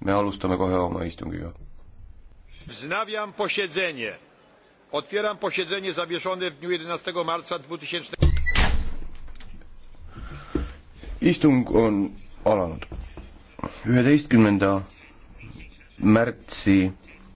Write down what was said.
me alustame kohe oma istungiga. Wznawiam posiedzenie. Otwieram posiedzenie zawieszone w dniu 11 marca 2000. Istung on alanud. 11. märtsi